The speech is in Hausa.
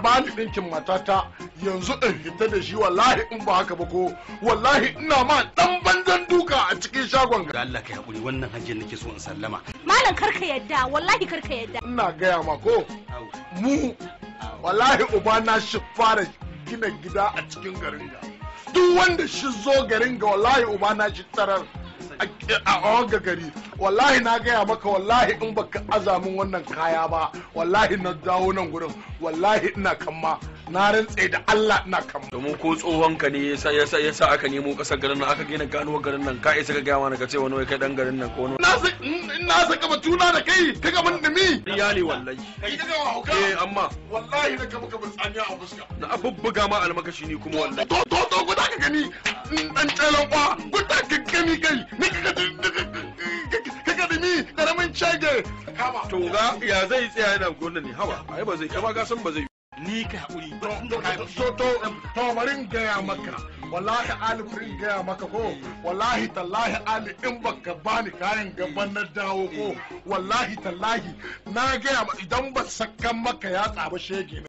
ba ɗinkin matata yanzu in hita da shi wallahi in ba haka ba ko wallahi ina ma dan banzan duka a cikin shagon ga Allah ka hakuri wannan hajjin nake so in sallama malam karka yadda wallahi karka yadda ina gaya ma ko mu wallahi uba na shi fara gina gida a cikin garin ga duk wanda shi zo garin ga wallahi uba na shi tarar a wanga gari wallahi na gaya maka wallahi in baka azamin wannan kaya ba wallahi na dawo nan gurin wallahi ina kama na rantse da Allah ina kama. domin ko tsohon ka ne yasa yasa yasa aka nemo kasar garin nan aka gina ganuwar garin nan ka isa ka gaya mana ka ce wani wai kai dan garin nan ko wani na saka batuna da kai ka ga mun dumi ya ne wallahi kai daga hauka eh amma wallahi na kama ka tsaniya a fuska na abubbuga ma almakashi ni kuma wallahi to to to guda ka gani dan tsalan kwa to ga ya zai tsaya yana gona ne hawa ai ba zai kama gasan ba zai ni ka haƙuri to to to bari gaya maka wallahi ali bari gaya maka ko wallahi tallahi ali in baka bani kayan gaban na dawo ko wallahi tallahi na gaya idan ba sakan maka ya tsaba shege